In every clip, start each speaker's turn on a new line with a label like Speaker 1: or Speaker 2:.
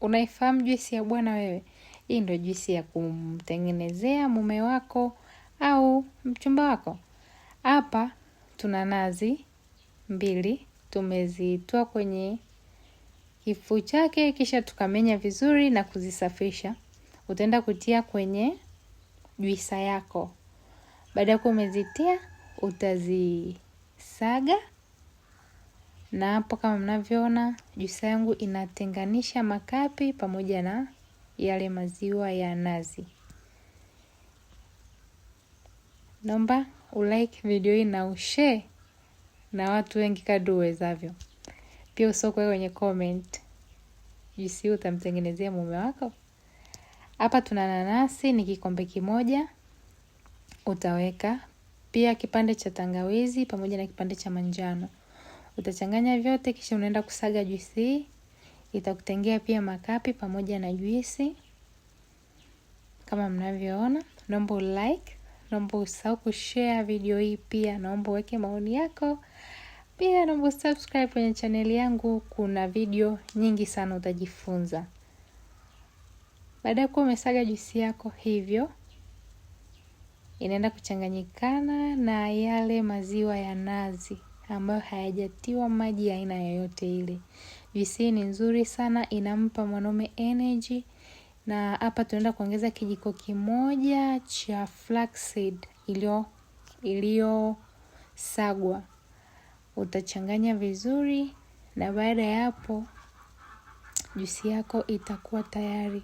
Speaker 1: Unaifahamu juisi ya bwana wewe? Hii ndio juisi ya kumtengenezea mume wako au mchumba wako. Hapa tuna nazi mbili, tumezitoa kwenye kifuu chake, kisha tukamenya vizuri na kuzisafisha. Utaenda kutia kwenye juisa yako. Baada ya kuwa umezitia, utazisaga na hapo kama mnavyoona juisi yangu inatenganisha makapi pamoja na yale maziwa ya nazi. Naomba ulike video hii na ushare na watu wengi kadri uwezavyo. Pia usokwe kwenye comment juisi utamtengenezea mume wako. Hapa tuna nanasi ni kikombe kimoja, utaweka pia kipande cha tangawizi pamoja na kipande cha manjano. Utachanganya vyote kisha unaenda kusaga juisi hii. Itakutengea pia makapi pamoja na juisi kama mnavyoona. Naomba ulike, naomba usahau kushare video hii pia, naomba uweke maoni yako. Pia naomba subscribe kwenye chaneli yangu, kuna video nyingi sana utajifunza. Baada ya kuwa umesaga juisi yako hivyo, inaenda kuchanganyikana na yale maziwa ya nazi ambayo hayajatiwa maji ya aina yoyote ile. hii ni nzuri sana inampa mwanaume energy na hapa tunaenda kuongeza kijiko kimoja cha flaxseed iliyo iliyosagwa. Utachanganya vizuri na baada ya hapo juisi yako itakuwa tayari.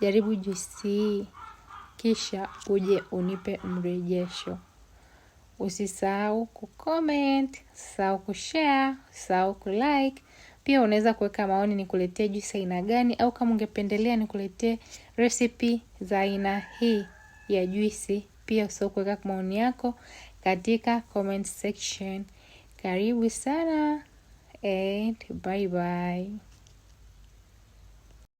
Speaker 1: Jaribu juisi hii kisha uje unipe mrejesho. Usisahau kucomment, usisahau kushare, usisahau kulike. Pia unaweza kuweka maoni nikuletee juisi aina gani, au kama ungependelea nikuletee recipe za aina hii ya juisi. Pia usisahau kuweka maoni yako katika comment section. Karibu sana and bye bye.